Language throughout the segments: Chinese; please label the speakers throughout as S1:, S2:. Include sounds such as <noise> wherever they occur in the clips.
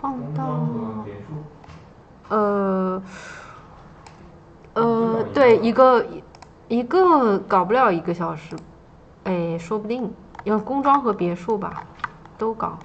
S1: 放到呃，呃，对，一个一个搞不了一个小时，哎，说不定，要工装和别墅吧，都搞。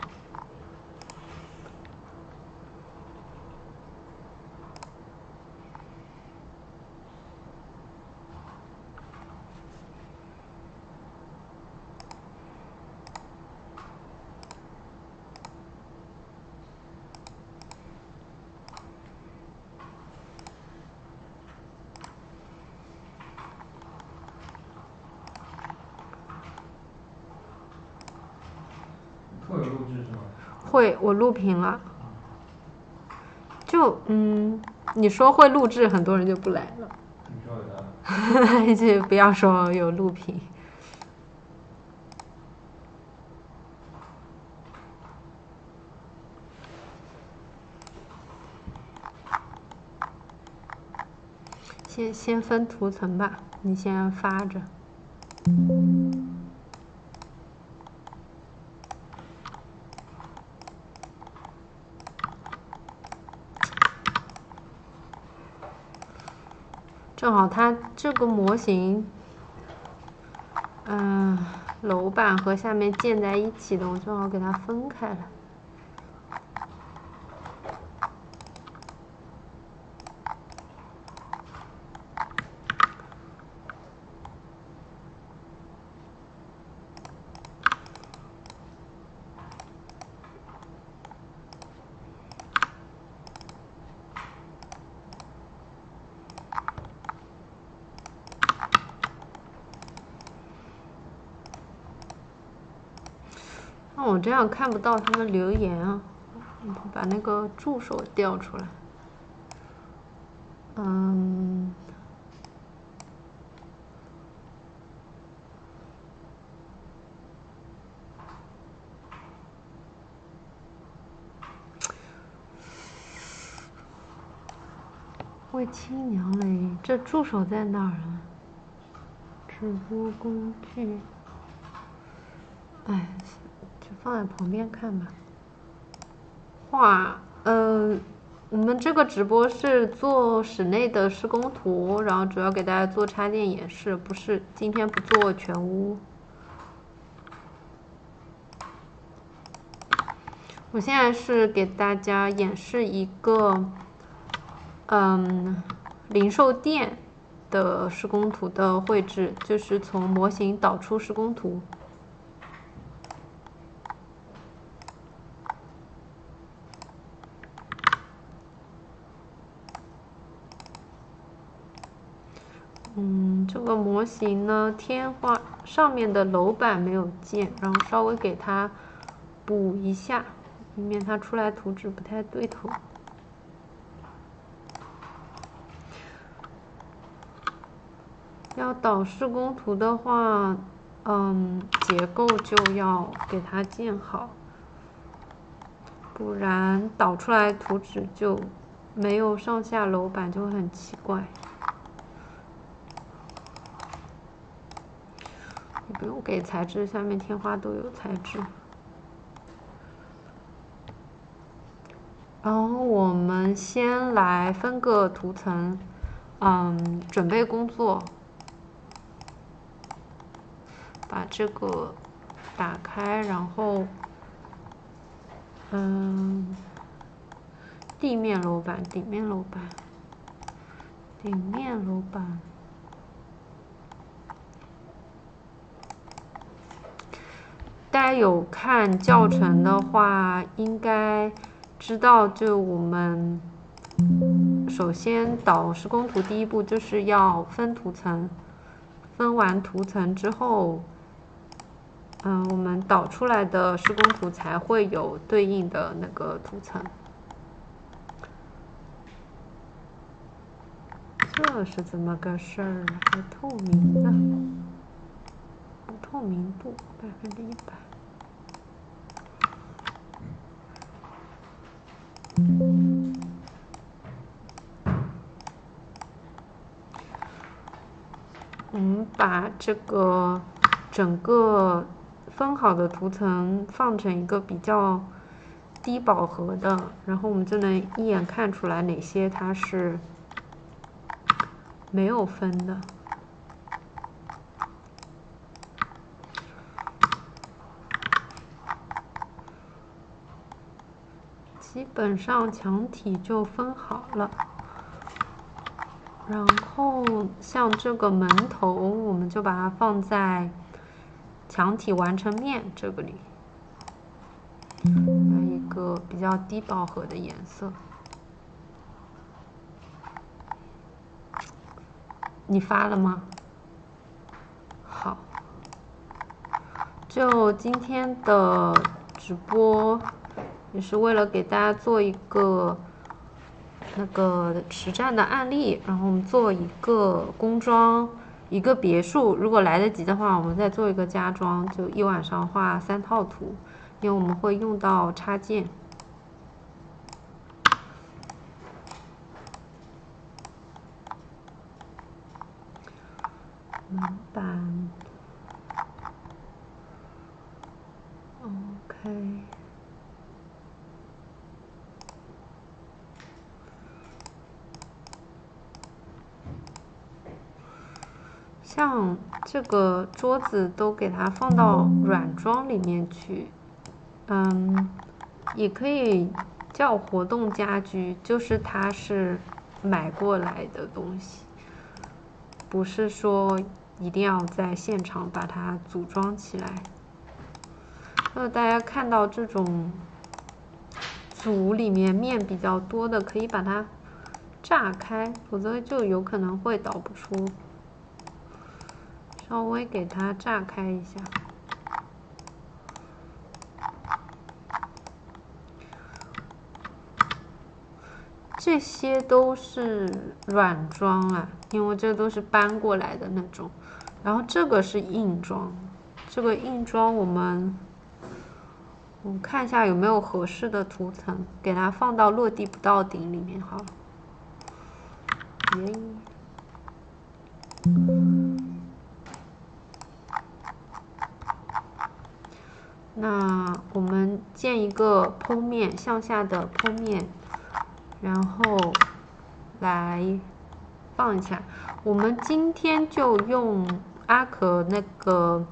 S1: 我录屏了，就嗯，你说会录制，很多人就不来了。哈哈，已 <laughs> 就不要说有录屏。先先分图层吧，你先发着。它这个模型，嗯，楼板和下面建在一起的，我正好给它分开了。样看不到他们留言啊！把那个助手调出来。嗯。喂，亲娘嘞，这助手在哪儿啊？直播工具。哎。放在旁边看吧。画，嗯，我们这个直播是做室内的施工图，然后主要给大家做插电演示，不是今天不做全屋。我现在是给大家演示一个，嗯，零售店的施工图的绘制，就是从模型导出施工图。这个模型呢，天花上面的楼板没有建，然后稍微给它补一下，以免它出来图纸不太对头。要导施工图的话，嗯，结构就要给它建好，不然导出来图纸就没有上下楼板，就很奇怪。不用给材质，下面天花都有材质。然后我们先来分个图层，嗯，准备工作，把这个打开，然后，嗯，地面楼板，顶面楼板，顶面楼板。大家有看教程的话，应该知道，就我们首先导施工图，第一步就是要分图层。分完图层之后，嗯，我们导出来的施工图才会有对应的那个图层。这是怎么个事儿？还透明的，不透明度百分之一百。我们把这个整个分好的图层放成一个比较低饱和的，然后我们就能一眼看出来哪些它是没有分的。基本上墙体就分好了，然后像这个门头，我们就把它放在墙体完成面这个里，来一个比较低饱和的颜色。你发了吗？好，就今天的直播。也是为了给大家做一个那个实战的案例，然后我们做一个工装，一个别墅。如果来得及的话，我们再做一个家装，就一晚上画三套图，因为我们会用到插件。门板
S2: o k
S1: 像这个桌子都给它放到软装里面去，嗯，也可以叫活动家居，就是它是买过来的东西，不是说一定要在现场把它组装起来。那大家看到这种组里面面比较多的，可以把它炸开，否则就有可能会导不出。稍微给它炸开一下，这些都是软装啊，因为这都是搬过来的那种。然后这个是硬装，这个硬装我们，我看一下有没有合适的图层，给它放到落地不到顶里面，好。那我们建一个剖面向下的剖面，然后来放一下。我们今天就用阿可那个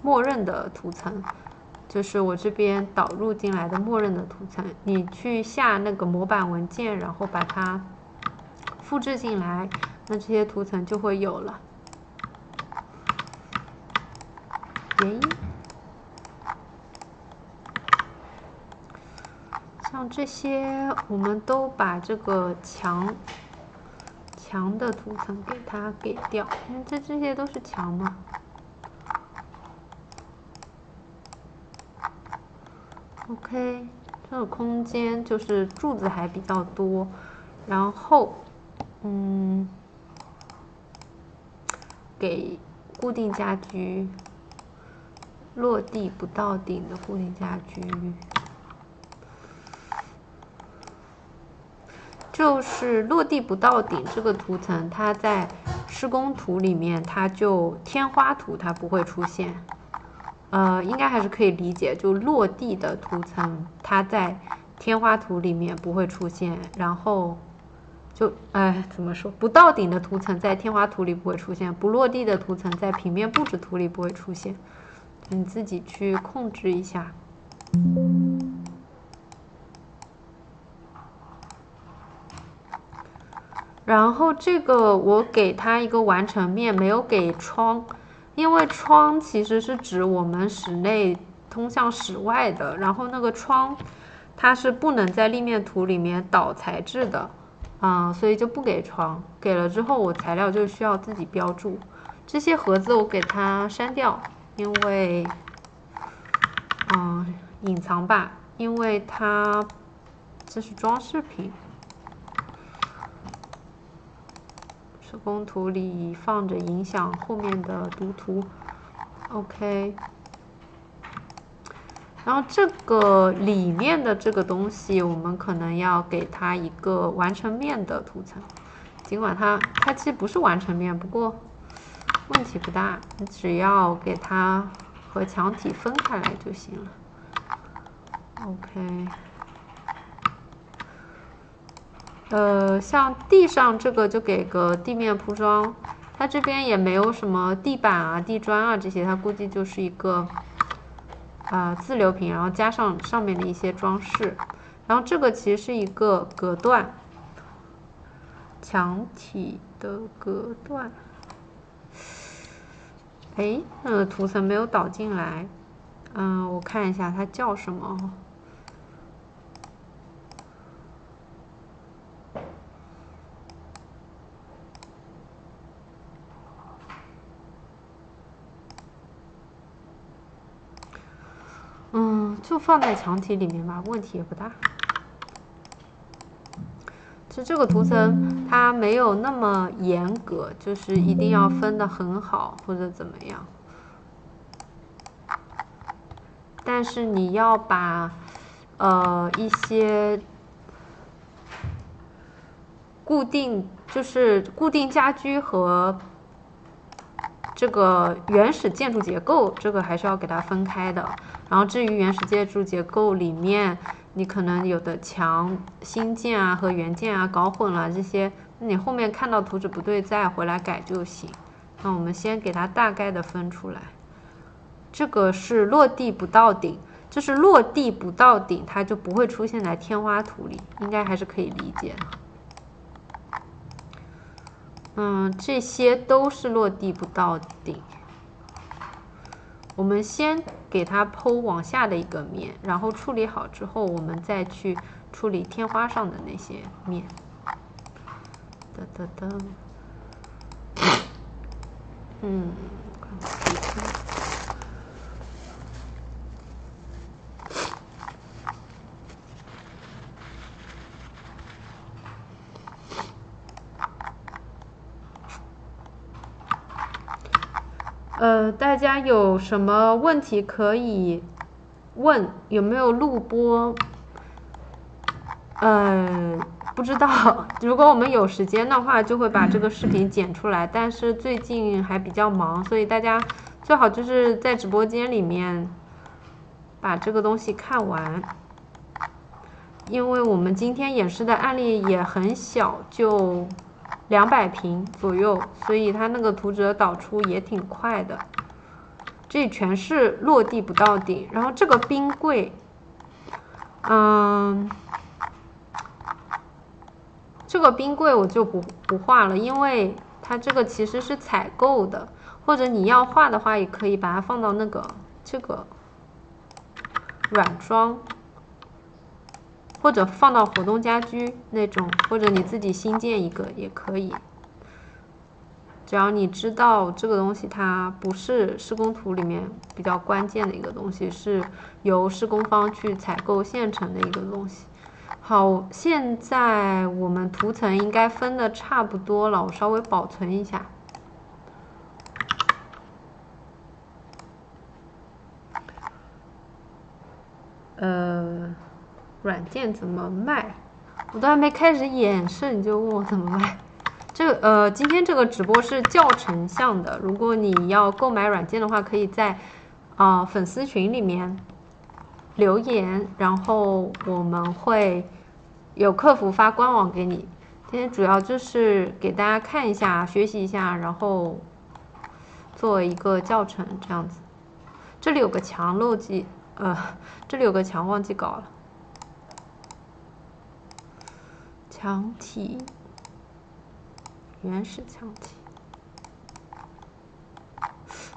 S1: 默认的图层，就是我这边导入进来的默认的图层。你去下那个模板文件，然后把它复制进来，那这些图层就会有了。原因。像这些，我们都把这个墙墙的图层给它给掉，因为这这些都是墙嘛。OK，这个空间就是柱子还比较多，然后嗯，给固定家居，落地不到顶的固定家居。就是落地不到顶这个图层，它在施工图里面，它就天花图它不会出现。呃，应该还是可以理解，就落地的图层，它在天花图里面不会出现。然后，就哎，怎么说？不到顶的图层在天花图里不会出现，不落地的图层在平面布置图里不会出现。你自己去控制一下。然后这个我给它一个完成面，没有给窗，因为窗其实是指我们室内通向室外的，然后那个窗它是不能在立面图里面导材质的，啊，所以就不给窗，给了之后我材料就需要自己标注。这些盒子我给它删掉，因为，嗯，隐藏吧，因为它这是装饰品。施工图里放着影响后面的读图，OK。然后这个里面的这个东西，我们可能要给它一个完成面的图层，尽管它它其实不是完成面，不过问题不大，你只要给它和墙体分开来就行了，OK。呃，像地上这个就给个地面铺装，它这边也没有什么地板啊、地砖啊这些，它估计就是一个啊自流平，然后加上上面的一些装饰。然后这个其实是一个隔断，墙体的隔断。哎，那个图层没有导进来，嗯，我看一下它叫什么。嗯，就放在墙体里面吧，问题也不大。就这个图层，它没有那么严格，就是一定要分的很好或者怎么样。但是你要把，呃，一些固定，就是固定家居和。这个原始建筑结构，这个还是要给它分开的。然后至于原始建筑结构里面，你可能有的墙新建啊和原建啊搞混了这些，那你后面看到图纸不对再回来改就行。那我们先给它大概的分出来。这个是落地不到顶，就是落地不到顶，它就不会出现在天花图里，应该还是可以理解。嗯，这些都是落地不到顶。我们先给它剖往下的一个面，然后处理好之后，我们再去处理天花上的那些面。噔噔噔，嗯。呃，大家有什么问题可以问？有没有录播？嗯，不知道。如果我们有时间的话，就会把这个视频剪出来。但是最近还比较忙，所以大家最好就是在直播间里面把这个东西看完，因为我们今天演示的案例也很小，就。两百平左右，所以它那个图纸的导出也挺快的。这全是落地不到顶，然后这个冰柜，嗯，这个冰柜我就不不画了，因为它这个其实是采购的，或者你要画的话，也可以把它放到那个这个软装。或者放到活动家居那种，或者你自己新建一个也可以。只要你知道这个东西，它不是施工图里面比较关键的一个东西，是由施工方去采购现成的一个东西。好，现在我们图层应该分的差不多了，我稍微保存一下。呃。软件怎么卖？我都还没开始演示，你就问我怎么卖？<laughs> 这呃，今天这个直播是教程向的。如果你要购买软件的话，可以在啊粉丝群里面留言，然后我们会有客服发官网给你。今天主要就是给大家看一下，学习一下，然后做一个教程这样子。这里有个墙漏记，呃，这里有个墙忘记搞了。墙体，原始墙体。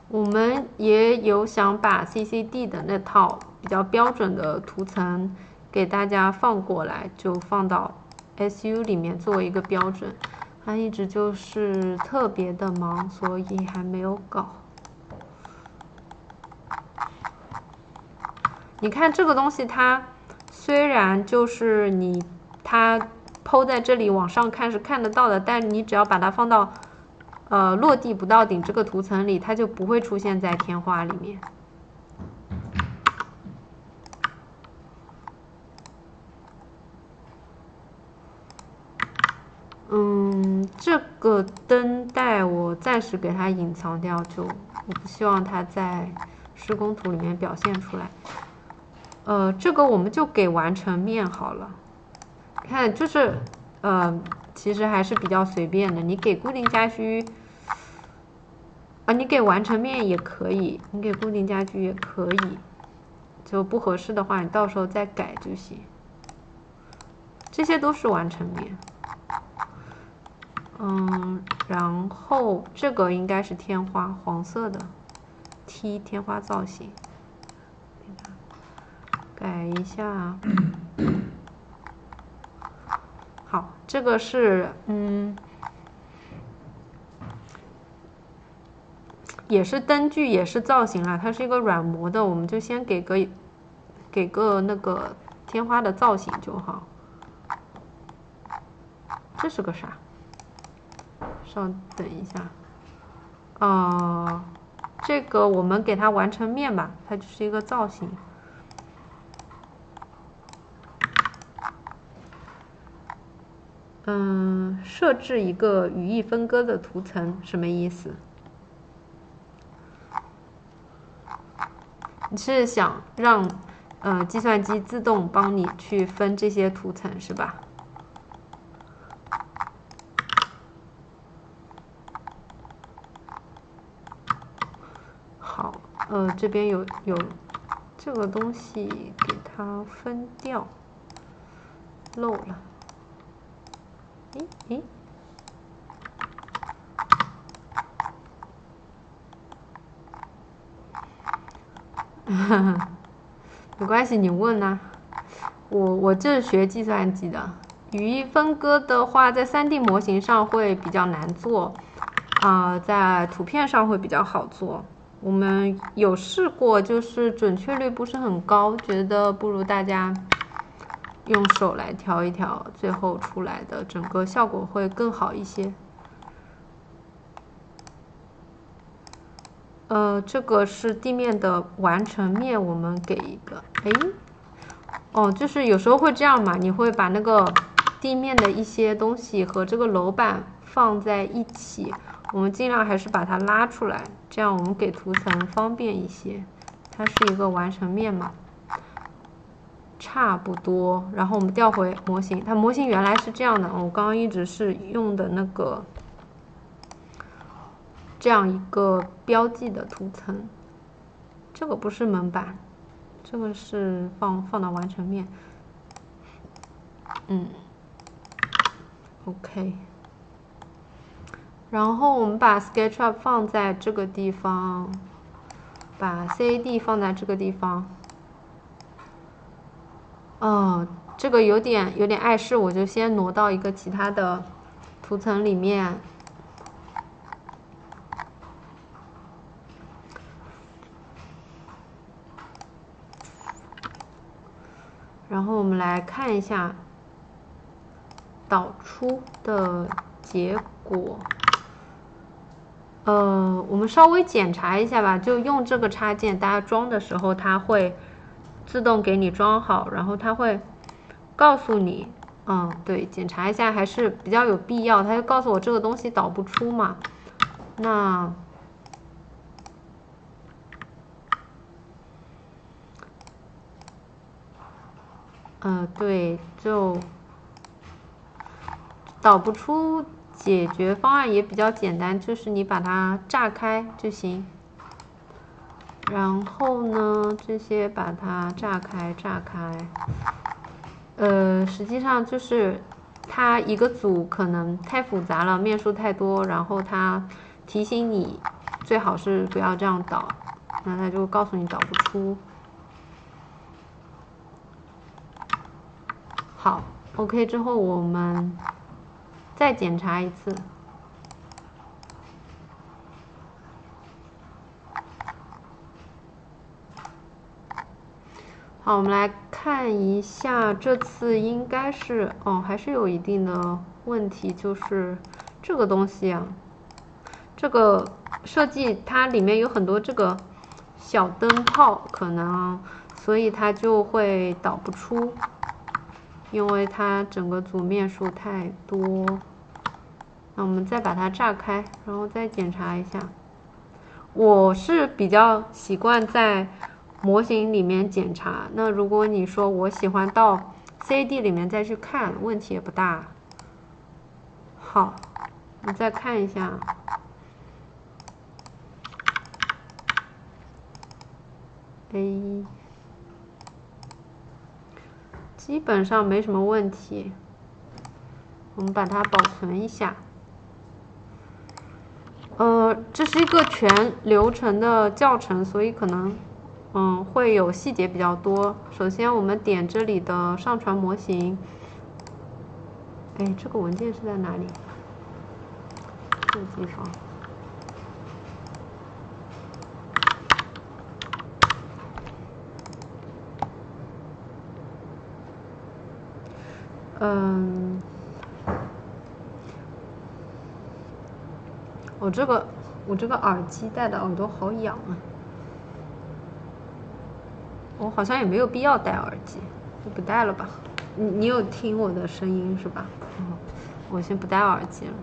S1: 我们也有想把 C C D 的那套比较标准的图层给大家放过来，就放到 S U 里面作为一个标准。他一直就是特别的忙，所以还没有搞。你看这个东西，它虽然就是你它。剖在这里往上看是看得到的，但你只要把它放到，呃，落地不到顶这个图层里，它就不会出现在天花里面。嗯，这个灯带我暂时给它隐藏掉，就我不希望它在施工图里面表现出来。呃，这个我们就给完成面好了。看，就是，呃，其实还是比较随便的。你给固定家居，啊，你给完成面也可以，你给固定家居也可以，就不合适的话，你到时候再改就行。这些都是完成面。嗯，然后这个应该是天花，黄色的 T 天花造型，改一下。<clears throat> 这个是，嗯，也是灯具，也是造型啊。它是一个软膜的，我们就先给个，给个那个天花的造型就好。这是个啥？稍等一下，啊，这个我们给它完成面吧，它就是一个造型。嗯，设置一个语义分割的图层什么意思？你是想让呃计算机自动帮你去分这些图层是吧？好，呃，这边有有这个东西给它分掉，漏了。诶诶，哈哈，没关系，你问呐。我我这是学计算机的，语义分割的话，在 3D 模型上会比较难做，啊，在图片上会比较好做。我们有试过，就是准确率不是很高，觉得不如大家。用手来调一调，最后出来的整个效果会更好一些。呃，这个是地面的完成面，我们给一个。哎，哦，就是有时候会这样嘛，你会把那个地面的一些东西和这个楼板放在一起。我们尽量还是把它拉出来，这样我们给图层方便一些。它是一个完成面嘛。差不多，然后我们调回模型，它模型原来是这样的。我刚刚一直是用的那个这样一个标记的图层，这个不是门板，这个是放放到完成面。嗯，OK。然后我们把 SketchUp 放在这个地方，把 CAD 放在这个地方。哦，这个有点有点碍事，我就先挪到一个其他的图层里面。然后我们来看一下导出的结果。呃，我们稍微检查一下吧，就用这个插件，大家装的时候它会。自动给你装好，然后他会告诉你，嗯，对，检查一下还是比较有必要。他就告诉我这个东西导不出嘛，那，呃，对，就导不出，解决方案也比较简单，就是你把它炸开就行。然后呢，这些把它炸开，炸开。呃，实际上就是它一个组可能太复杂了，面数太多，然后它提醒你最好是不要这样导，那它就告诉你导不出。好，OK 之后我们再检查一次。好，我们来看一下，这次应该是哦，还是有一定的问题，就是这个东西，啊，这个设计它里面有很多这个小灯泡，可能所以它就会导不出，因为它整个组面数太多。那我们再把它炸开，然后再检查一下。我是比较习惯在。模型里面检查。那如果你说我喜欢到 CAD 里面再去看，问题也不大。好，你再看一下，A，基本上没什么问题。我们把它保存一下。呃，这是一个全流程的教程，所以可能。嗯，会有细节比较多。首先，我们点这里的上传模型。哎，这个文件是在哪里？这个地方。嗯，我这个我这个耳机戴的耳朵好痒啊。我好像也没有必要戴耳机，就不戴了吧。你你有听我的声音是吧？我先不戴耳机了。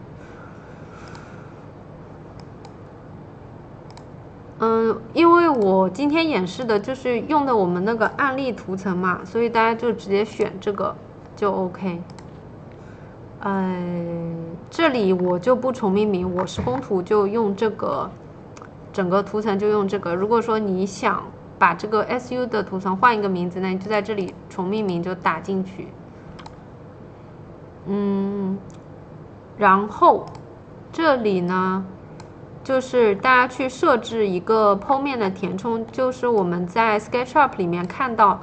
S1: 嗯，因为我今天演示的就是用的我们那个案例图层嘛，所以大家就直接选这个就 OK。呃，这里我就不重命名，我是工图就用这个，整个图层就用这个。如果说你想。把这个 S U 的图层换一个名字，那你就在这里重命名就打进去。嗯，然后这里呢，就是大家去设置一个剖面的填充，就是我们在 SketchUp 里面看到，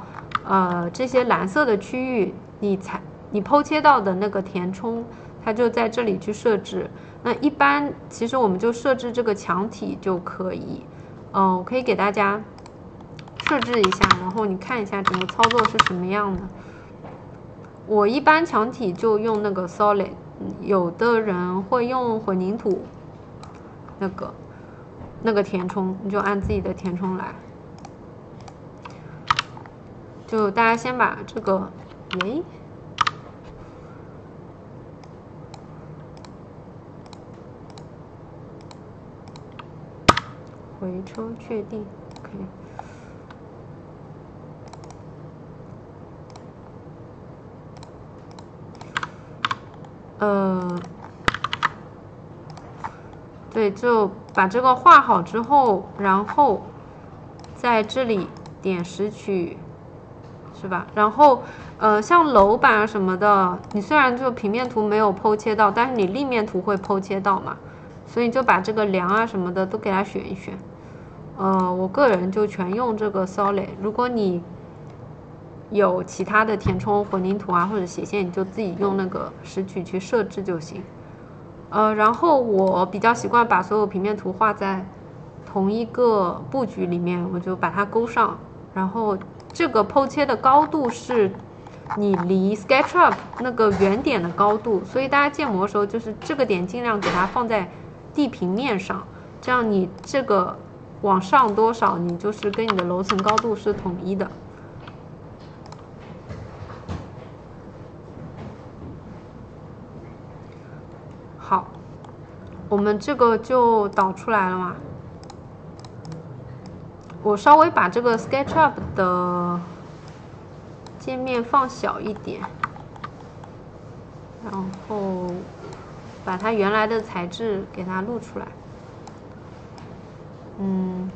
S1: 呃，这些蓝色的区域，你才你剖切到的那个填充，它就在这里去设置。那一般其实我们就设置这个墙体就可以。嗯，我可以给大家。设置一下，然后你看一下整个操作是什么样的。我一般墙体就用那个 Solid，有的人会用混凝土，那个那个填充，你就按自己的填充来。就大家先把这个，喂。回车确定，可以。呃，对，就把这个画好之后，然后在这里点拾取，是吧？然后呃，像楼板啊什么的，你虽然就平面图没有剖切到，但是你立面图会剖切到嘛，所以就把这个梁啊什么的都给它选一选。呃，我个人就全用这个 Solid，如果你有其他的填充混凝土啊，或者斜线，你就自己用那个拾取去设置就行。呃，然后我比较习惯把所有平面图画在同一个布局里面，我就把它勾上。然后这个剖切的高度是你离 SketchUp 那个原点的高度，所以大家建模的时候就是这个点尽量给它放在地平面上，这样你这个往上多少，你就是跟你的楼层高度是统一的。我们这个就导出来了嘛，我稍微把这个 SketchUp 的界面放小一点，然后把它原来的材质给它露出来，嗯，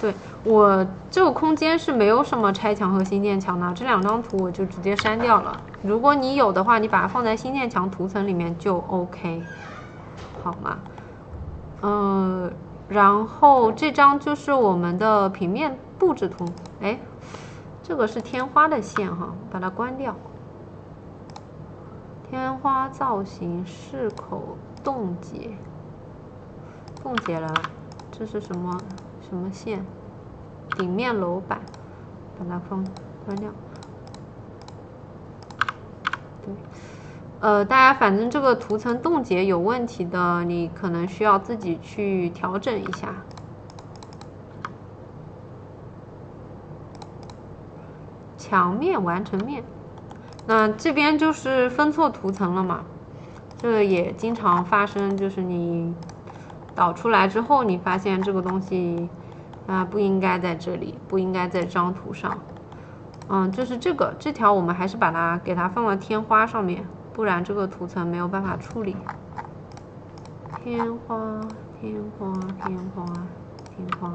S1: 对。我这个空间是没有什么拆墙和新建墙的，这两张图我就直接删掉了。如果你有的话，你把它放在新建墙图层里面就 OK，好吗？嗯，然后这张就是我们的平面布置图。哎，这个是天花的线哈，把它关掉。天花造型饰口冻结，冻结了。这是什么什么线？顶面楼板，把它封关掉。对，呃，大家反正这个图层冻结有问题的，你可能需要自己去调整一下。墙面完成面，那这边就是分错图层了嘛？这也经常发生，就是你导出来之后，你发现这个东西。啊，不应该在这里，不应该在张图上。嗯，就是这个这条，我们还是把它给它放到天花上面，不然这个图层没有办法处理。天花，天花，天花，天花。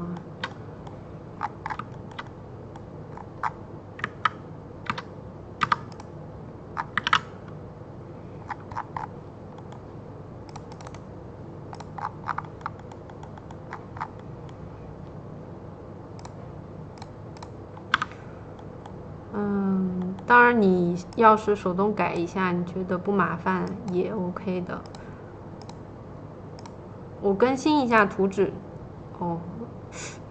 S1: 你要是手动改一下，你觉得不麻烦也 OK 的。我更新一下图纸，哦，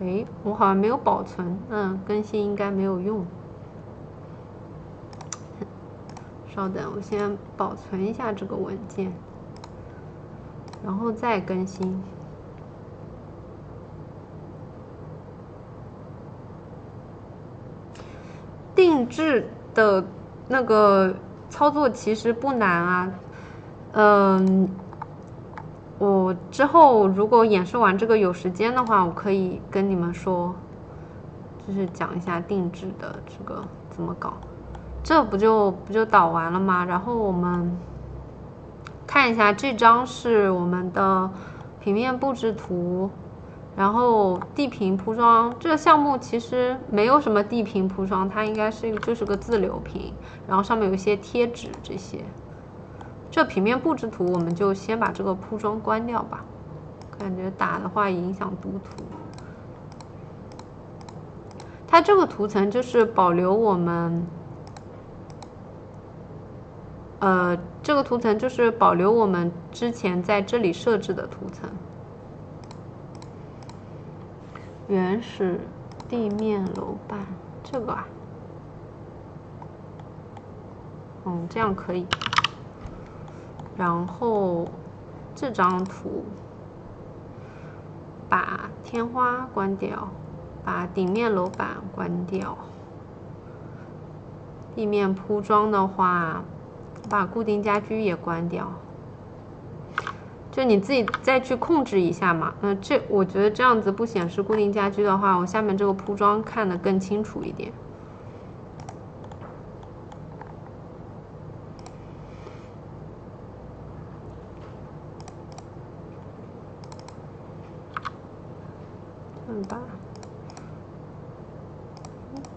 S1: 哎，我好像没有保存，嗯，更新应该没有用。稍等，我先保存一下这个文件，然后再更新。定制。的，那个操作其实不难啊。嗯，我之后如果演示完这个有时间的话，我可以跟你们说，就是讲一下定制的这个怎么搞。这不就不就导完了吗？然后我们看一下这张是我们的平面布置图。然后地平铺装这个项目其实没有什么地平铺装，它应该是就是个自流平，然后上面有一些贴纸这些。这平面布置图我们就先把这个铺装关掉吧，感觉打的话影响读图。它这个图层就是保留我们，呃，这个图层就是保留我们之前在这里设置的图层。原始地面楼板这个啊，嗯，这样可以。然后这张图，把天花关掉，把顶面楼板关掉。地面铺装的话，把固定家居也关掉。就你自己再去控制一下嘛。那这我觉得这样子不显示固定家具的话，我下面这个铺装看的更清楚一点。嗯，把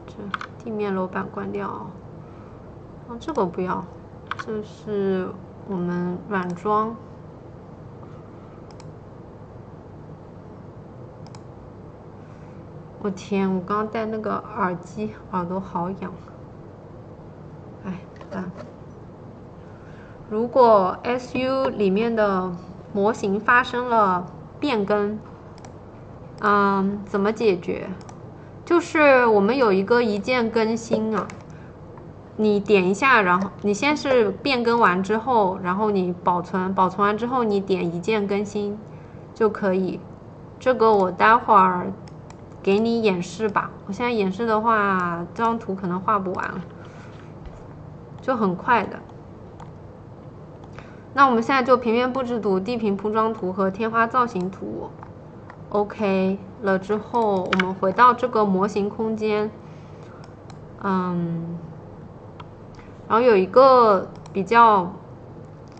S1: 这地面楼板关掉。啊，这个不要，这是我们软装。我天！我刚刚戴那个耳机，耳朵好痒。哎，算了。如果 SU 里面的模型发生了变更，嗯，怎么解决？就是我们有一个一键更新啊，你点一下，然后你先是变更完之后，然后你保存，保存完之后你点一键更新就可以。这个我待会儿。给你演示吧，我现在演示的话，这张图可能画不完就很快的。那我们现在就平面布置图、地平铺装图和天花造型图，OK 了之后，我们回到这个模型空间，嗯，然后有一个比较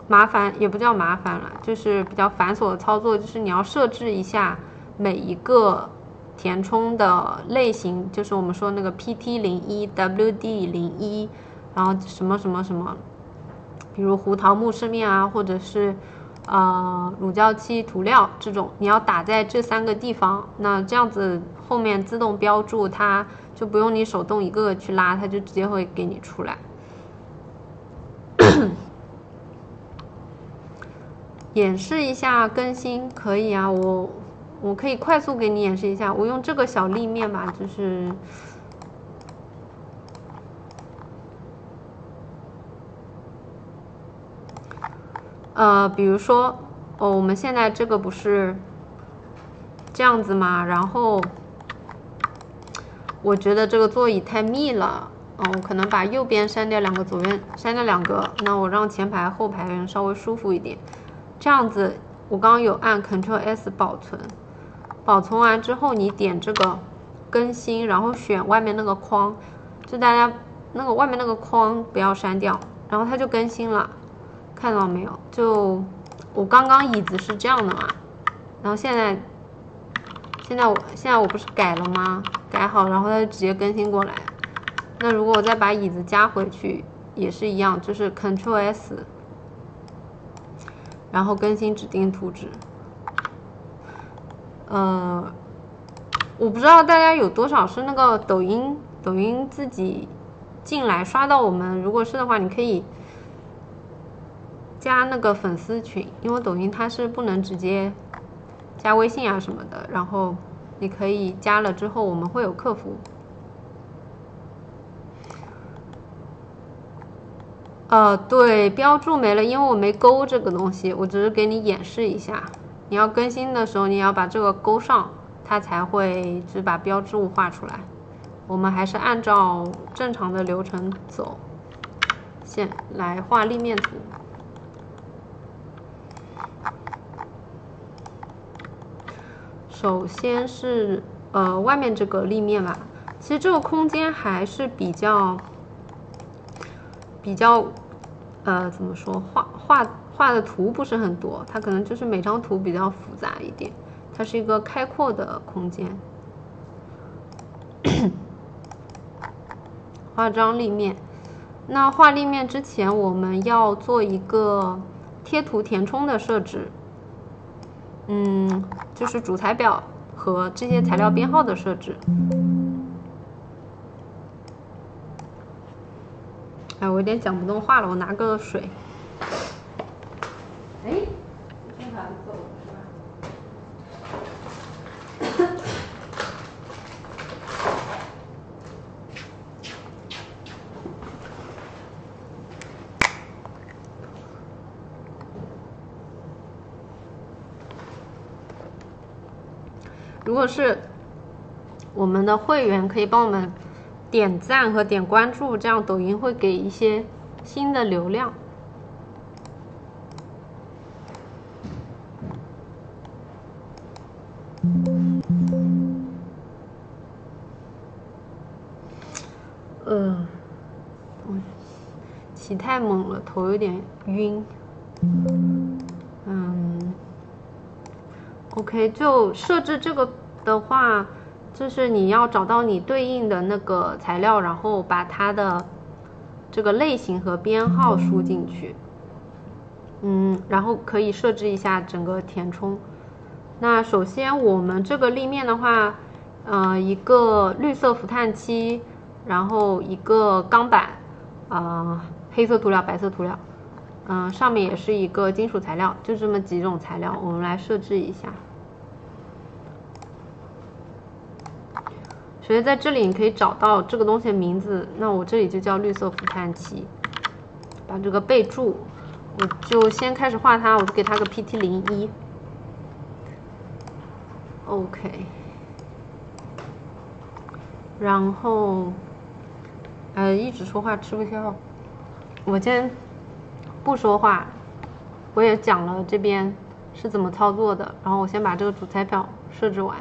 S1: 麻烦，也不叫麻烦了，就是比较繁琐的操作，就是你要设置一下每一个。填充的类型就是我们说那个 PT 零一 WD 零一，然后什么什么什么，比如胡桃木饰面啊，或者是啊乳胶漆涂料这种，你要打在这三个地方，那这样子后面自动标注，它就不用你手动一个个去拉，它就直接会给你出来。<coughs> 演示一下更新可以啊，我。我可以快速给你演示一下，我用这个小立面吧，就是，呃，比如说，哦，我们现在这个不是这样子嘛？然后，我觉得这个座椅太密了，嗯，我可能把右边删掉两个，左边删掉两个，那我让前排后排稍微舒服一点。这样子，我刚刚有按 c t r l S 保存。保存完之后，你点这个更新，然后选外面那个框，就大家那个外面那个框不要删掉，然后它就更新了，看到没有？就我刚刚椅子是这样的嘛，然后现在现在我现在我不是改了吗？改好，然后它就直接更新过来。那如果我再把椅子加回去，也是一样，就是 c t r l S，然后更新指定图纸。呃，我不知道大家有多少是那个抖音，抖音自己进来刷到我们。如果是的话，你可以加那个粉丝群，因为抖音它是不能直接加微信啊什么的。然后你可以加了之后，我们会有客服。呃，对，标注没了，因为我没勾这个东西，我只是给你演示一下。你要更新的时候，你要把这个勾上，它才会只把标志物画出来。我们还是按照正常的流程走，先来画立面图。首先是呃外面这个立面吧，其实这个空间还是比较比较呃怎么说，画画。画的图不是很多，它可能就是每张图比较复杂一点。它是一个开阔的空间，画张立面。那画立面之前，我们要做一个贴图填充的设置，嗯，就是主材表和这些材料编号的设置。哎，我有点讲不动话了，我拿个水。哎，正走如果是我们的会员，可以帮我们点赞和点关注，这样抖音会给一些新的流量。嗯，我起太猛了，头有点晕。嗯，OK，就设置这个的话，就是你要找到你对应的那个材料，然后把它的这个类型和编号输进去。嗯，然后可以设置一下整个填充。那首先我们这个立面的话，呃，一个绿色氟碳漆。然后一个钢板，啊，黑色涂料、白色涂料，嗯，上面也是一个金属材料，就这么几种材料，我们来设置一下。首先在这里你可以找到这个东西的名字，那我这里就叫绿色氟碳漆，把这个备注，我就先开始画它，我就给它个 PT 零一，OK，然后。呃，一直说话吃不消，我先不说话，我也讲了这边是怎么操作的，然后我先把这个主菜票设置完。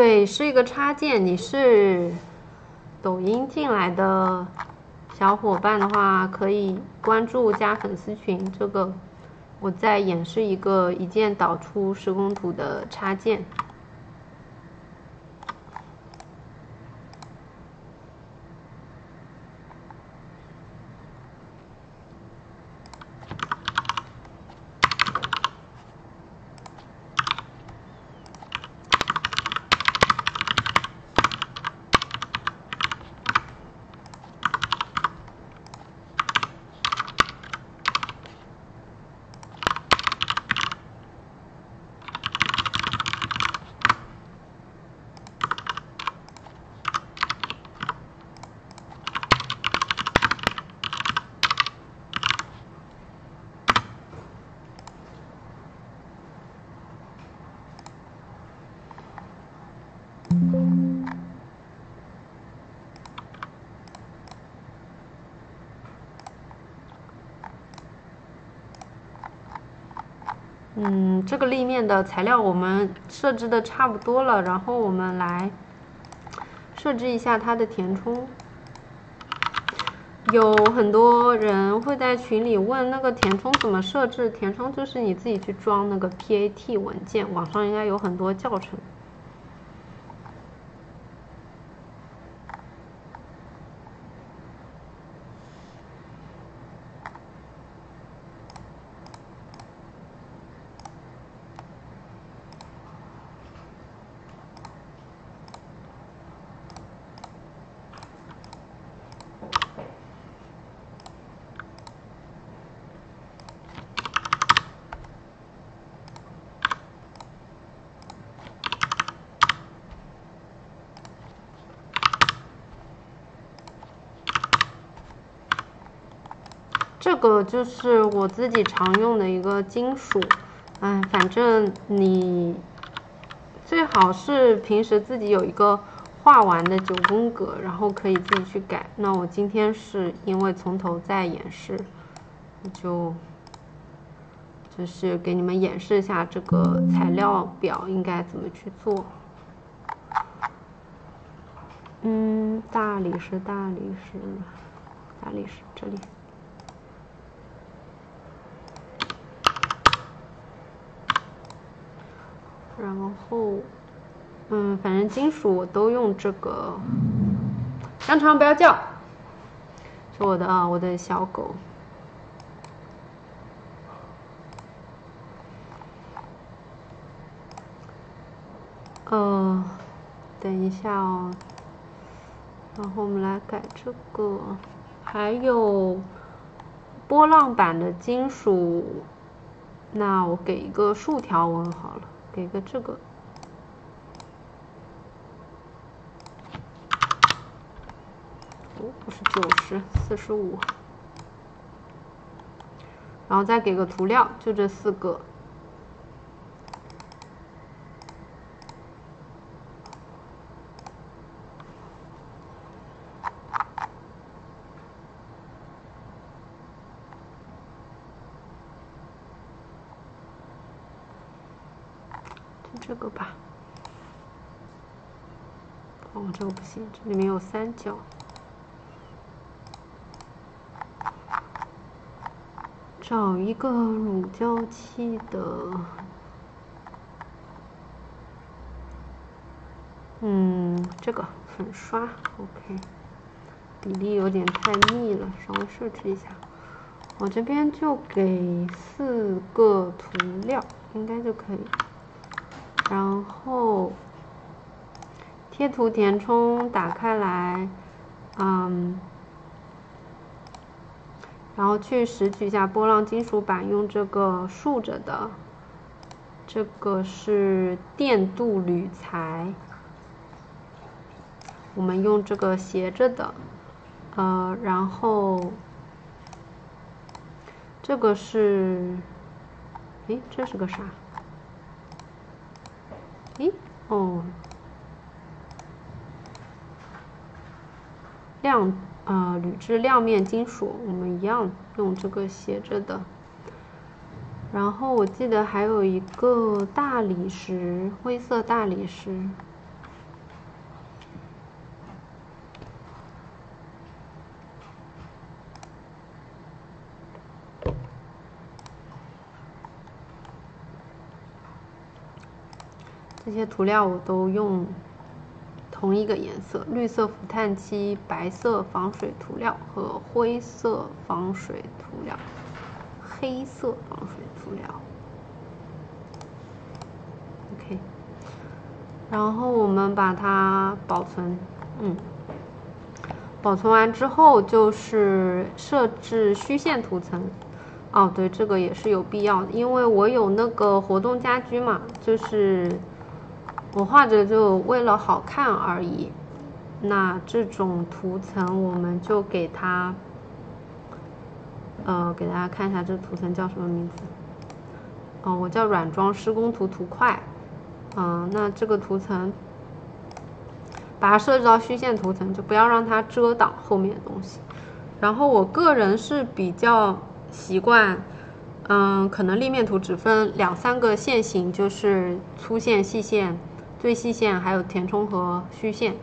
S1: 对，是一个插件。你是抖音进来的小伙伴的话，可以关注加粉丝群。这个我再演示一个一键导出施工图的插件。的材料我们设置的差不多了，然后我们来设置一下它的填充。有很多人会在群里问那个填充怎么设置，填充就是你自己去装那个 PAT 文件，网上应该有很多教程。这个就是我自己常用的一个金属，哎，反正你最好是平时自己有一个画完的九宫格，然后可以自己去改。那我今天是因为从头再演示，就就是给你们演示一下这个材料表应该怎么去做。嗯，大理石，大理石，大理石，这里。然后，嗯，反正金属我都用这个。香肠不要叫，是我的啊，我的小狗。呃，等一下哦。然后我们来改这个，还有波浪版的金属，那我给一个竖条纹好了。给个这个，哦，不是九十四十五，然后再给个涂料，就这四个。这里面有三角，找一个乳胶漆的，嗯，这个粉刷，OK，比例有点太密了，稍微设置一下。我这边就给四个涂料，应该就可以，然后。贴图填充打开来，嗯，然后去拾取一下波浪金属板，用这个竖着的，这个是电镀铝材，我们用这个斜着的，呃，然后这个是，哎，这是个啥？哎，哦。亮啊，铝制亮面金属，我们一样用这个斜着的。然后我记得还有一个大理石，灰色大理石。这些涂料我都用。同一个颜色：绿色氟碳漆、白色防水涂料和灰色防水涂料、黑色防水涂料。OK，然后我们把它保存。嗯，保存完之后就是设置虚线图层。哦，对，这个也是有必要的，因为我有那个活动家居嘛，就是。我画着就为了好看而已，那这种图层我们就给它，呃，给大家看一下这图层叫什么名字？哦，我叫软装施工图图块。嗯，那这个图层，把它设置到虚线图层，就不要让它遮挡后面的东西。然后我个人是比较习惯，嗯，可能立面图只分两三个线型，就是粗线、细线。最细线，还有填充和虚线，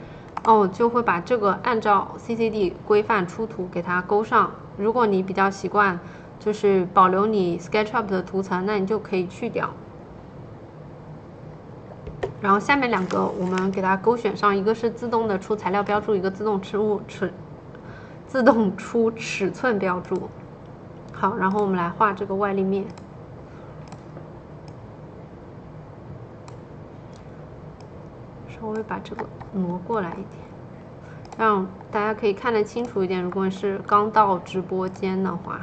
S1: 哦，就会把这个按照 C C D 规范出图，给它勾上。如果你比较习惯，就是保留你 SketchUp 的图层，那你就可以去掉。然后下面两个，我们给它勾选上，一个是自动的出材料标注，一个自动尺物尺，自动出尺寸标注。好，然后我们来画这个外立面。稍微把这个挪过来一点，让大家可以看得清楚一点。如果是刚到直播间的话。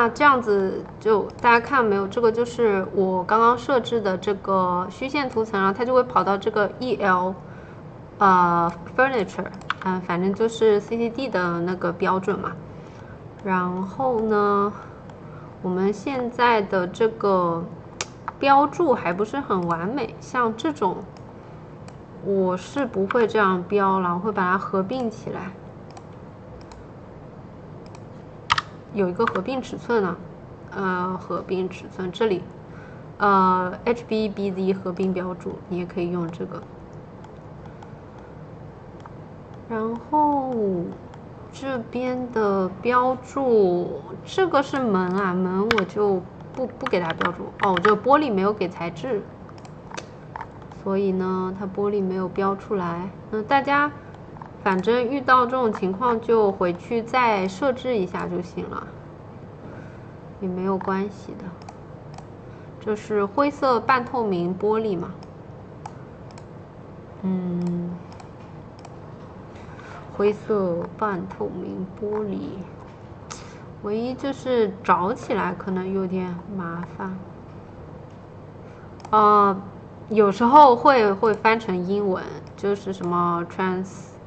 S1: 那这样子就大家看没有？这个就是我刚刚设置的这个虚线图层然后它就会跑到这个 E L，呃，furniture，嗯，反正就是 C C D 的那个标准嘛。然后呢，我们现在的这个标注还不是很完美，像这种，我是不会这样标了，我会把它合并起来。有一个合并尺寸呢，呃，合并尺寸这里，呃，H B B Z 合并标注，你也可以用这个。然后这边的标注，这个是门啊，门我就不不给它标注哦。我这玻璃没有给材质，所以呢，它玻璃没有标出来。那大家。反正遇到这种情况就回去再设置一下就行了，也没有关系的。就是灰色半透明玻璃嘛，嗯，灰色半透明玻璃，唯一就是找起来可能有点麻烦。呃，有时候会会翻成英文，就是什么 trans。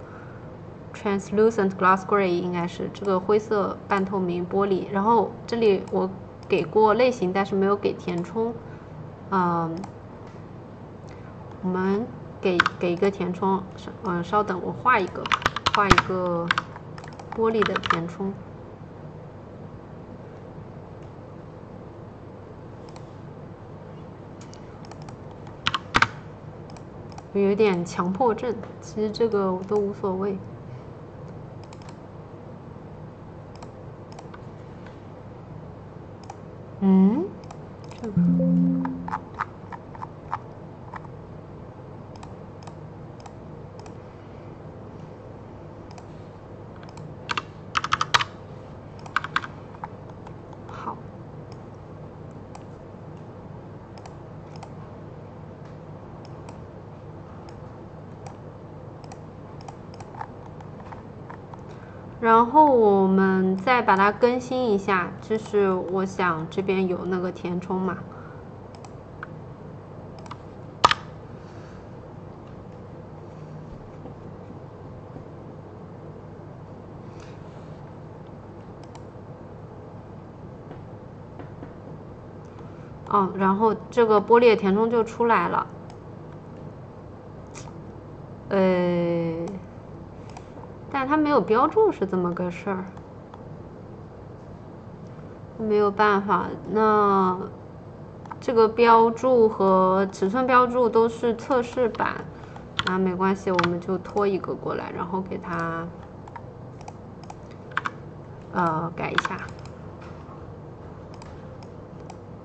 S1: Translucent glass gray 应该是这个灰色半透明玻璃。然后这里我给过类型，但是没有给填充。嗯，我们给给一个填充。稍嗯，稍等，我画一个，画一个玻璃的填充。我有点强迫症，其实这个都无所谓。把它更新一下，就是我想这边有那个填充嘛。哦，然后这个玻璃填充就出来了。呃，但它没有标注，是这么个事儿。没有办法，那这个标注和尺寸标注都是测试版啊，没关系，我们就拖一个过来，然后给它呃改一下。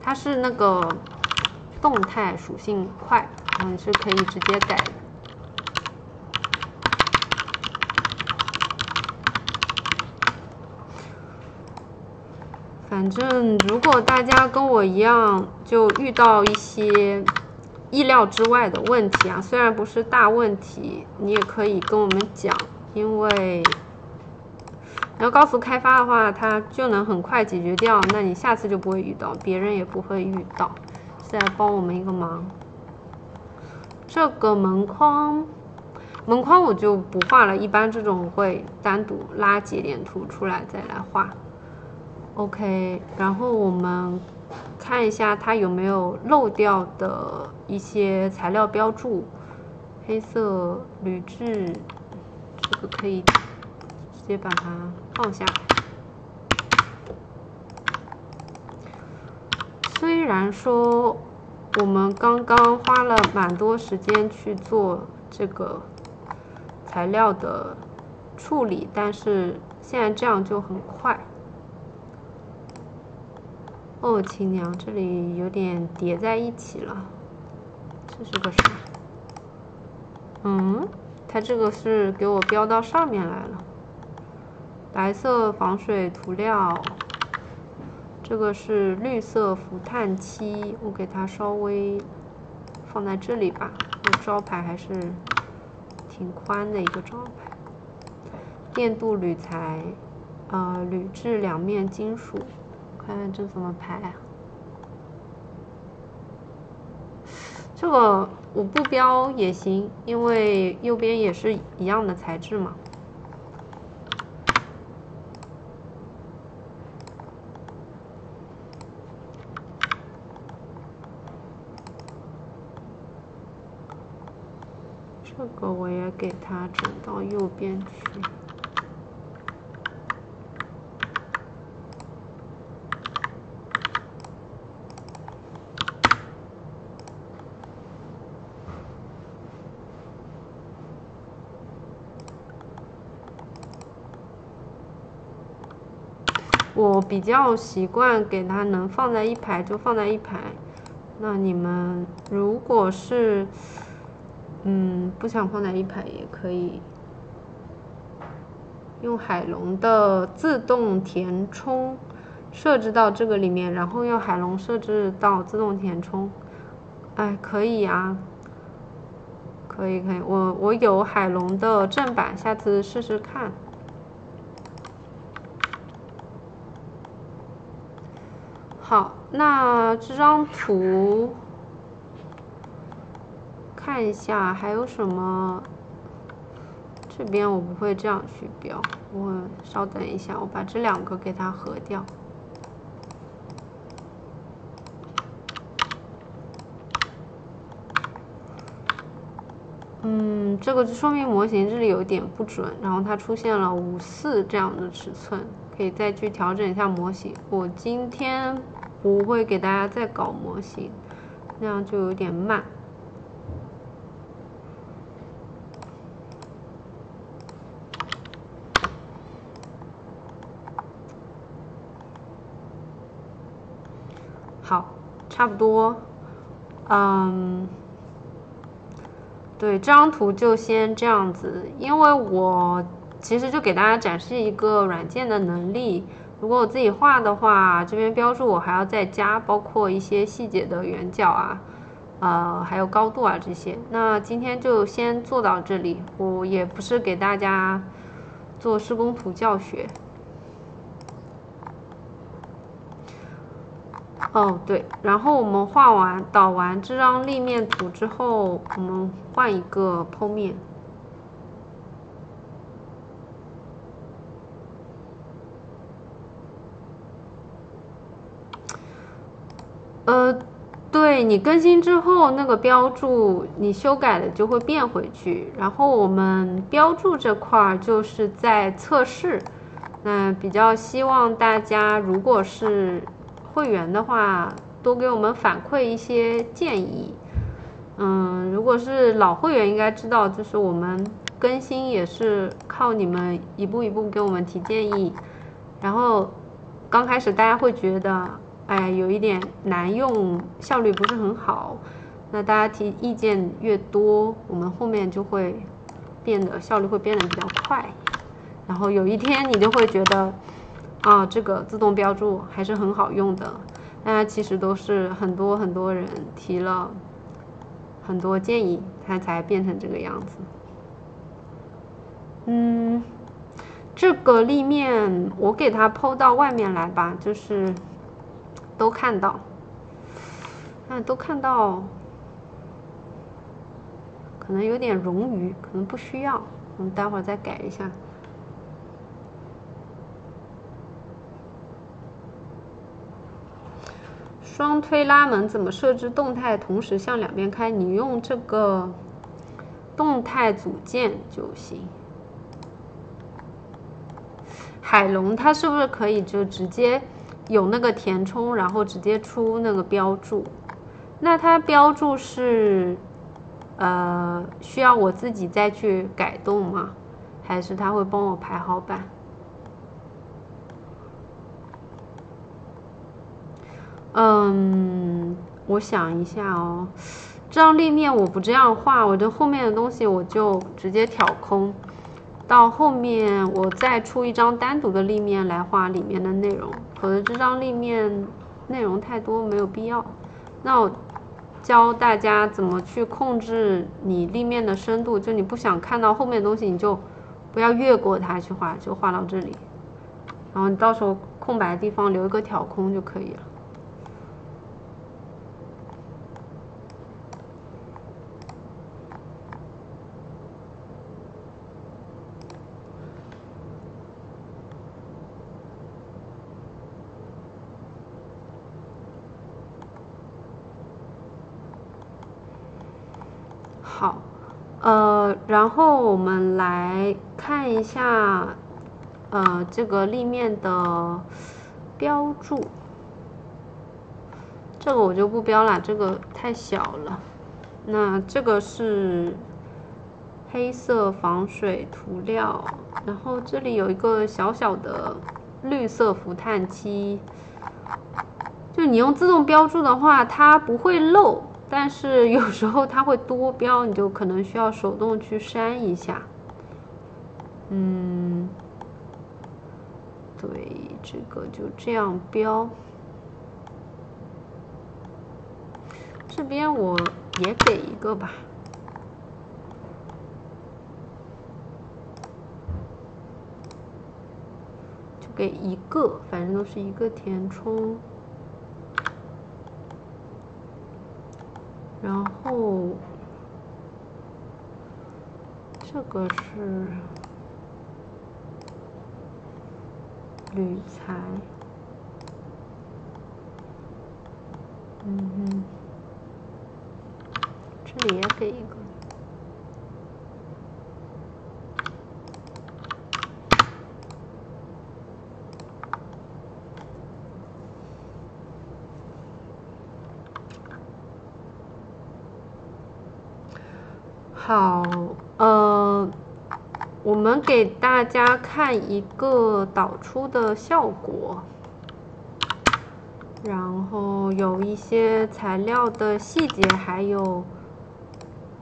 S1: 它是那个动态属性块，你是可以直接改。的。反正如果大家跟我一样，就遇到一些意料之外的问题啊，虽然不是大问题，你也可以跟我们讲，因为你要高速开发的话，它就能很快解决掉，那你下次就不会遇到，别人也不会遇到，再帮我们一个忙。这个门框，门框我就不画了，一般这种会单独拉节点图出来再来画。OK，然后我们看一下它有没有漏掉的一些材料标注。黑色铝制，这个可以直接把它放下。虽然说我们刚刚花了蛮多时间去做这个材料的处理，但是现在这样就很快。哦，亲娘，这里有点叠在一起了。这是个啥？嗯，它这个是给我标到上面来了。白色防水涂料，这个是绿色氟碳漆。我给它稍微放在这里吧。这招牌还是挺宽的一个招牌。电镀铝材，呃，铝制两面金属。看看这怎么排啊？这个我不标也行，因为右边也是一样的材质嘛。这个我也给它整到右边去。我比较习惯给它能放在一排就放在一排，那你们如果是，嗯，不想放在一排也可以，用海龙的自动填充设置到这个里面，然后用海龙设置到自动填充，哎，可以啊，可以可以，我我有海龙的正版，下次试试看。好，那这张图看一下还有什么？这边我不会这样去标，我稍等一下，我把这两个给它合掉。嗯，这个就说明模型这里有点不准，然后它出现了五四这样的尺寸，可以再去调整一下模型。我今天。不会给大家再搞模型，那样就有点慢。好，差不多。嗯，对，这张图就先这样子，因为我其实就给大家展示一个软件的能力。如果我自己画的话，这边标注我还要再加，包括一些细节的圆角啊，呃，还有高度啊这些。那今天就先做到这里，我也不是给大家做施工图教学。哦对，然后我们画完、导完这张立面图之后，我们换一个剖面。呃，对你更新之后那个标注，你修改的就会变回去。然后我们标注这块儿就是在测试，那比较希望大家如果是会员的话，多给我们反馈一些建议。嗯，如果是老会员应该知道，就是我们更新也是靠你们一步一步给我们提建议。然后刚开始大家会觉得。哎，有一点难用，效率不是很好。那大家提意见越多，我们后面就会变得效率会变得比较快。然后有一天你就会觉得，啊，这个自动标注还是很好用的。大家其实都是很多很多人提了很多建议，它才变成这个样子。嗯，这个立面我给它剖到外面来吧，就是。都看到，那都看到，可能有点冗余，可能不需要，我们待会儿再改一下。双推拉门怎么设置动态，同时向两边开？你用这个动态组件就行。海龙它是不是可以就直接？有那个填充，然后直接出那个标注。那它标注是，呃，需要我自己再去改动吗？还是他会帮我排好版？嗯，我想一下哦。这张立面我不这样画，我这后面的东西我就直接挑空。到后面我再出一张单独的立面来画里面的内容。可能这张立面内容太多，没有必要。那我教大家怎么去控制你立面的深度，就你不想看到后面的东西，你就不要越过它去画，就画到这里，然后你到时候空白的地方留一个挑空就可以了。呃，然后我们来看一下，呃，这个立面的标注，这个我就不标了，这个太小了。那这个是黑色防水涂料，然后这里有一个小小的绿色氟碳漆，就你用自动标注的话，它不会漏。但是有时候它会多标，你就可能需要手动去删一下。<laughs> 嗯，对，这个就这样标。这边我也给一个吧，就给一个，反正都是一个填充。然后，这个是铝材。嗯哼，这里也给一个。好，呃，我们给大家看一个导出的效果，然后有一些材料的细节，还有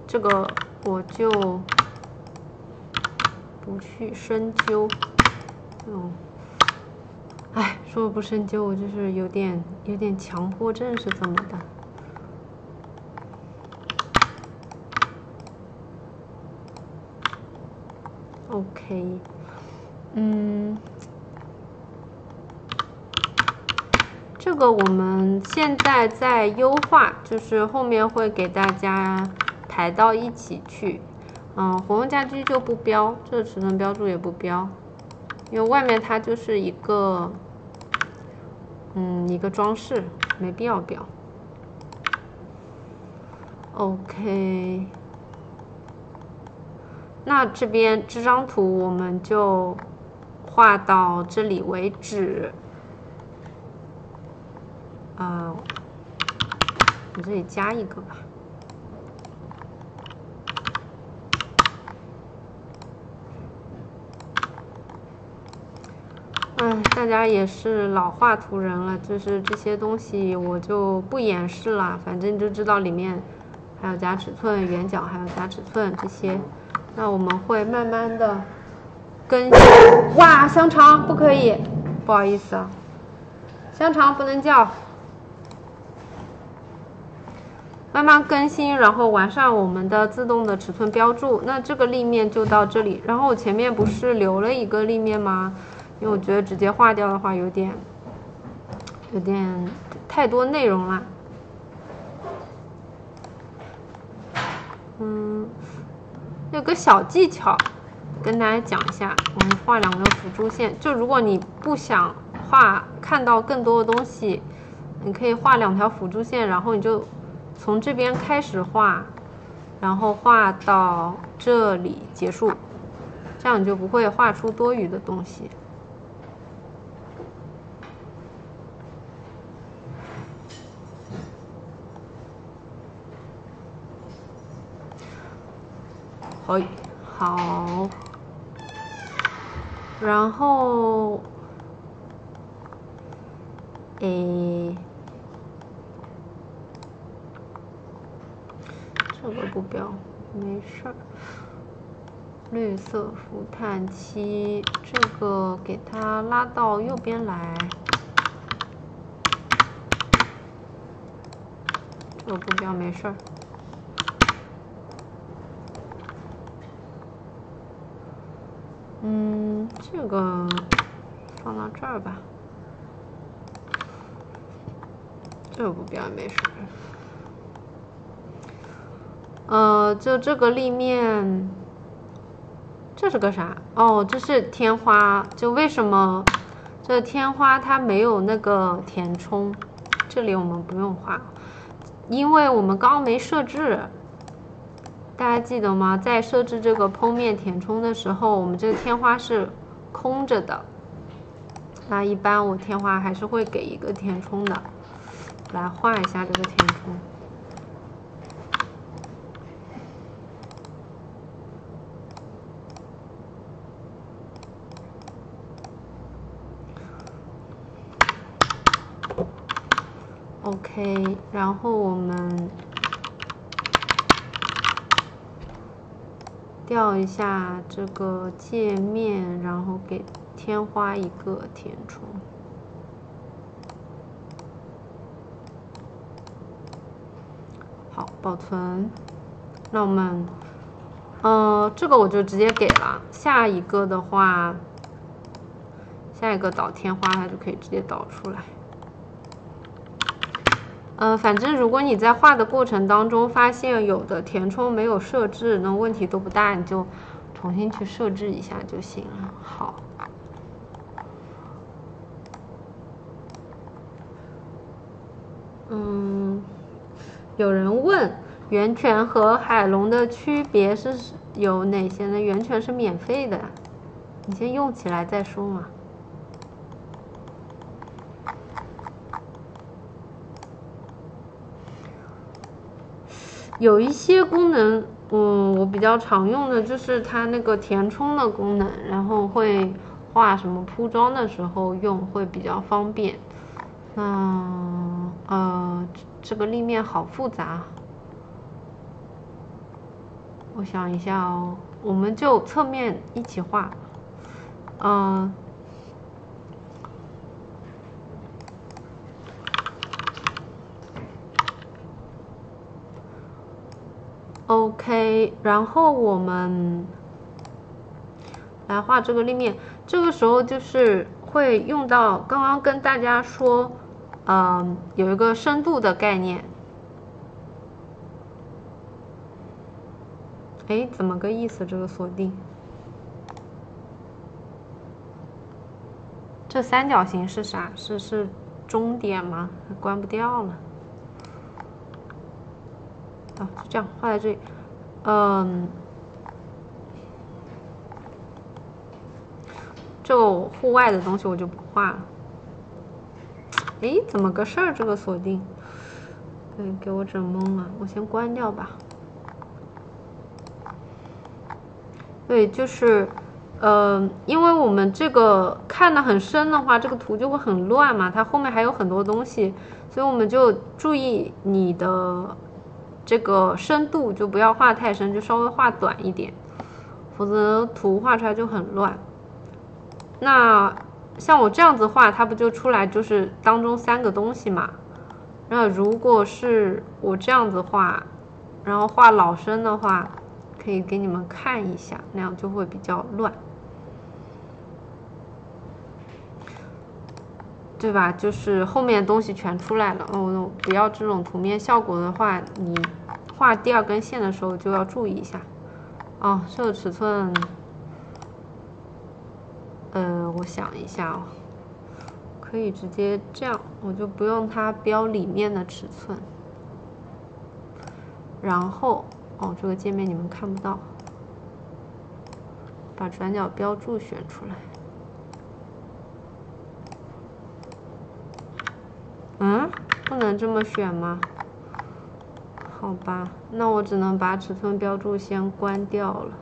S1: 这个我就不去深究。嗯。哎，说不深究，我就是有点有点强迫症是怎么的。OK，嗯，这个我们现在在优化，就是后面会给大家抬到一起去。嗯，红木家居就不标这个尺寸标注也不标，因为外面它就是一个，嗯，一个装饰，没必要标。OK。那这边这张图我们就画到这里为止。啊，我这里加一个吧。哎，大家也是老画图人了，就是这些东西我就不演示了，反正就知道里面还有加尺寸、圆角，还有加尺寸这些。那我们会慢慢的更新。哇，香肠不可以，不好意思啊，香肠不能叫。慢慢更新，然后完善我们的自动的尺寸标注。那这个立面就到这里。然后我前面不是留了一个立面吗？因为我觉得直接画掉的话，有点，有点太多内容了。有个小技巧，跟大家讲一下。我们画两条辅助线，就如果你不想画看到更多的东西，你可以画两条辅助线，然后你就从这边开始画，然后画到这里结束，这样你就不会画出多余的东西。好，好，然后，哎，这个不标，没事儿。绿色氟碳漆，这个给它拉到右边来。这个不标，没事儿。嗯，这个放到这儿吧，这不标也没事。呃，就这个立面，这是个啥？哦，这是天花。就为什么这天花它没有那个填充？这里我们不用画，因为我们刚没设置。大家记得吗？在设置这个剖面填充的时候，我们这个天花是空着的。那一般我天花还是会给一个填充的。来画一下这个填充。OK，然后我们。调一下这个界面，然后给天花一个填充。好，保存。那我们，呃，这个我就直接给了。下一个的话，下一个导天花，它就可以直接导出来。嗯，反正如果你在画的过程当中发现有的填充没有设置，那问题都不大，你就重新去设置一下就行了。好，嗯，有人问，源泉和海龙的区别是有哪些呢？源泉是免费的，你先用起来再说嘛。有一些功能，嗯，我比较常用的就是它那个填充的功能，然后会画什么铺装的时候用会比较方便。那呃，这个立面好复杂，我想一下哦，我们就侧面一起画，嗯。K，然后我们来画这个立面。这个时候就是会用到刚刚跟大家说，嗯，有一个深度的概念。哎，怎么个意思？这个锁定？这三角形是啥？是是终点吗？关不掉了。啊，就这样画在这里。嗯，这个户外的东西我就不画了。哎，怎么个事儿？这个锁定，对，给我整懵了。我先关掉吧。对，就是，呃，因为我们这个看的很深的话，这个图就会很乱嘛。它后面还有很多东西，所以我们就注意你的。这个深度就不要画太深，就稍微画短一点，否则图画出来就很乱。那像我这样子画，它不就出来就是当中三个东西嘛？那如果是我这样子画，然后画老深的话，可以给你们看一下，那样就会比较乱。对吧？就是后面东西全出来了。哦，不要这种图面效果的话，你画第二根线的时候就要注意一下。哦，这个尺寸，呃，我想一下哦，可以直接这样，我就不用它标里面的尺寸。然后，哦，这个界面你们看不到，把转角标注选出来。嗯，不能这么选吗？好吧，那我只能把尺寸标注先关掉了。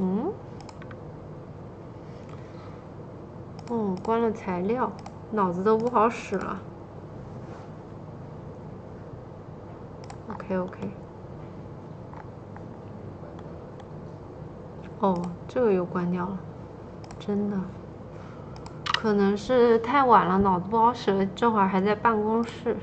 S1: 嗯，哦，关了材料，脑子都不好使了。OK。哦，这个又关掉了，真的，可能是太晚了，脑子不好使这会儿还在办公室。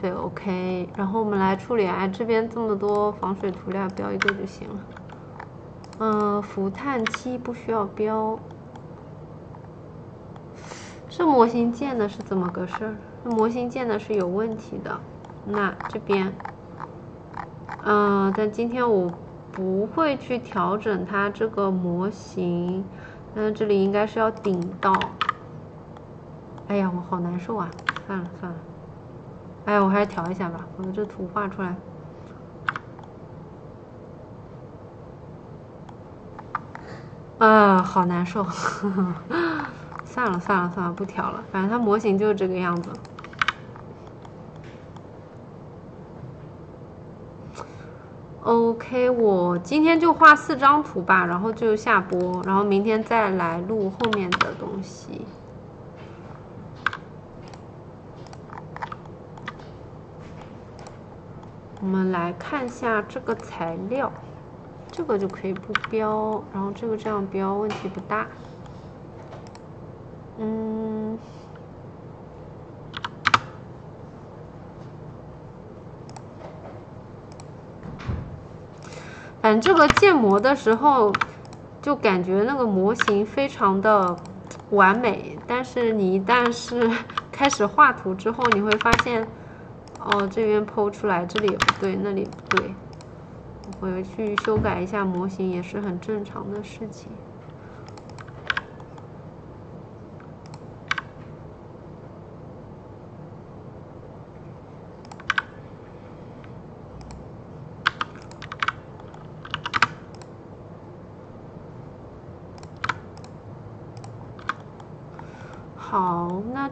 S1: 对，OK。然后我们来处理啊，这边这么多防水涂料，标一个就行了。嗯，氟碳漆不需要标。这模型建的，是怎么个事儿？模型建的是有问题的，那这边，嗯，但今天我不会去调整它这个模型，是这里应该是要顶到，哎呀，我好难受啊，算了算了，哎，我还是调一下吧，我这图画出来，啊，好难受，<laughs> 算了算了算了，不调了，反正它模型就是这个样子。OK，我今天就画四张图吧，然后就下播，然后明天再来录后面的东西。我们来看一下这个材料，这个就可以不标，然后这个这样标问题不大。嗯。正这个建模的时候，就感觉那个模型非常的完美，但是你一旦是 <laughs> 开始画图之后，你会发现，哦，这边剖出来这里不对，那里不对，回去修改一下模型也是很正常的事情。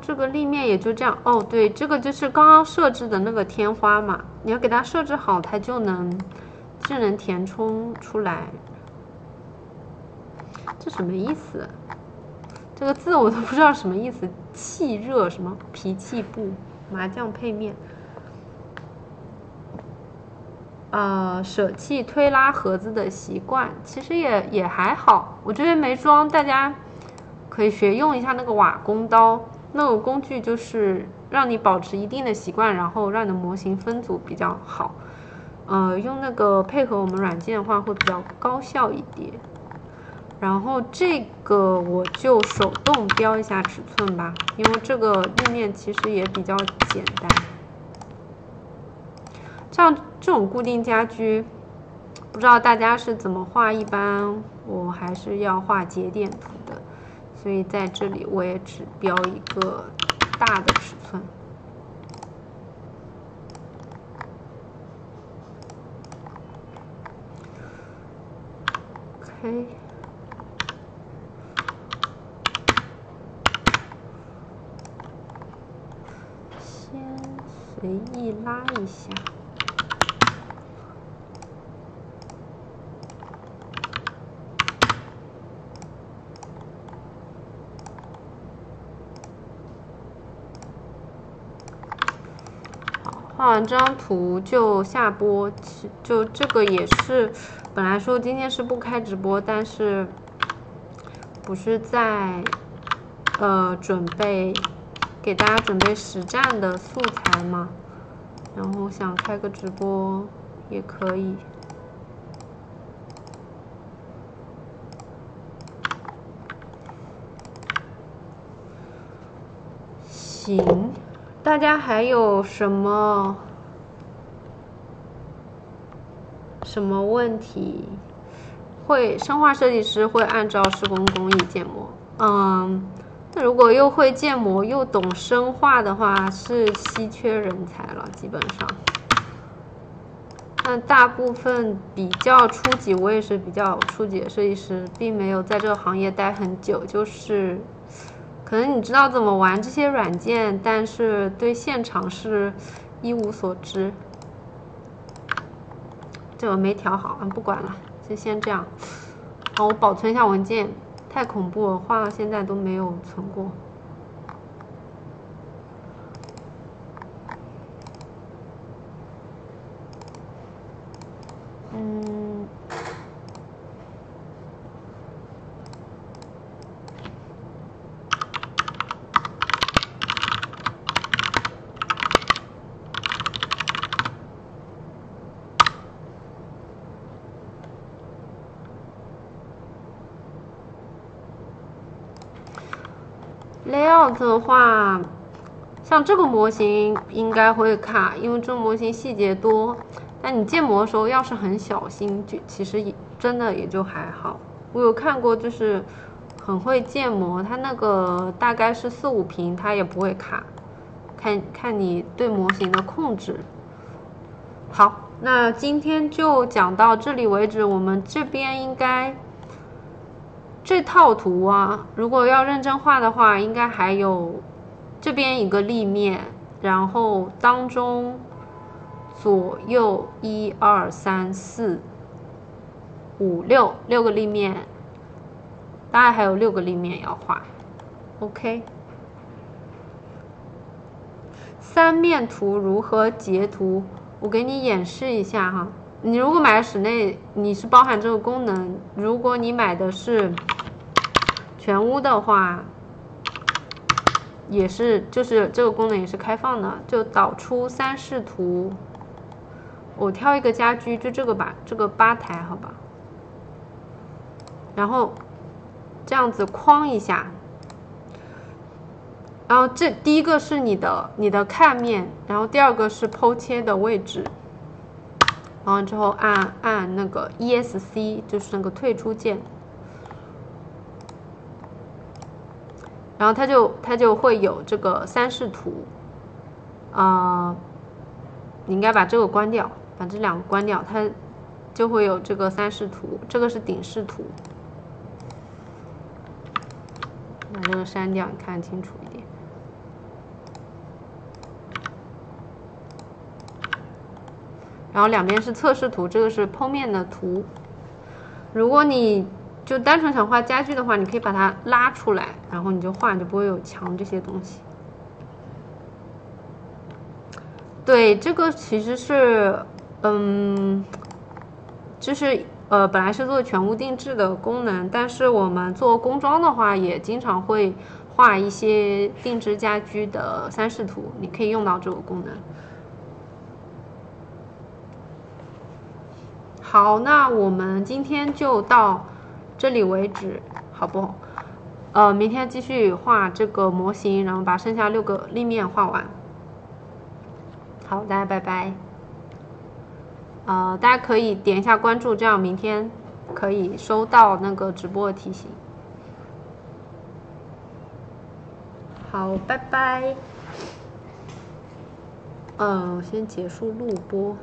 S1: 这个立面也就这样哦。对，这个就是刚刚设置的那个天花嘛，你要给它设置好，它就能智能填充出来。这什么意思？这个字我都不知道什么意思。气热什么脾气布麻将配面？呃，舍弃推拉盒子的习惯，其实也也还好。我这边没装，大家可以学用一下那个瓦工刀。那种工具就是让你保持一定的习惯，然后让你的模型分组比较好。呃，用那个配合我们软件的话会比较高效一点。然后这个我就手动标一下尺寸吧，因为这个页面其实也比较简单。像这种固定家居，不知道大家是怎么画？一般我还是要画节点图的。所以在这里，我也只标一个大的尺寸。先随意拉一下。画完这张图就下播，就这个也是，本来说今天是不开直播，但是不是在呃准备给大家准备实战的素材嘛？然后想开个直播也可以，行。大家还有什么什么问题？会生化设计师会按照施工工艺建模，嗯，那如果又会建模又懂生化的话，是稀缺人才了。基本上，那大部分比较初级，我也是比较初级的设计师，并没有在这个行业待很久，就是。可能你知道怎么玩这些软件，但是对现场是一无所知。这个没调好啊，不管了，就先这样。好，我保存一下文件，太恐怖了，画到现在都没有存过。
S2: 嗯。
S1: 的话，像这个模型应该会卡，因为这个模型细节多。但你建模的时候要是很小心，就其实真的也就还好。我有看过，就是很会建模，他那个大概是四五平，他也不会卡。看看你对模型的控制。好，那今天就讲到这里为止，我们这边应该。这套图啊，如果要认真画的话，应该还有这边一个立面，然后当中左右一二三四五六六个立面，大概还有六个立面要画。OK，三面图如何截图？我给你演示一下哈。你如果买室内，你是包含这个功能；如果你买的是全屋的话，也是就是这个功能也是开放的，就导出三视图。我挑一个家居，就这个吧，这个吧台，好吧。然后这样子框一下，然后这第一个是你的你的看面，然后第二个是剖切的位置。然后之后按按那个 ESC，就是那个退出键。然后它就它就会有这个三视图，啊，你应该把这个关掉，把这两个关掉，它就会有这个三视图。这个是顶视图，把这个删掉，你看清楚。然后两边是测试图，这个是剖面的图。如果你就单纯想画家具的话，你可以把它拉出来，然后你就画，就不会有墙这些东西。对，这个其实是，嗯，就是呃，本来是做全屋定制的功能，但是我们做工装的话，也经常会画一些定制家居的三视图，你可以用到这个功能。好，那我们今天就到这里为止，好不？呃，明天继续画这个模型，然后把剩下六个立面画完。好，大家拜拜。呃，大家可以点一下关注，这样明天可以收到那个直播的提醒。好，拜拜。嗯，先结束录播。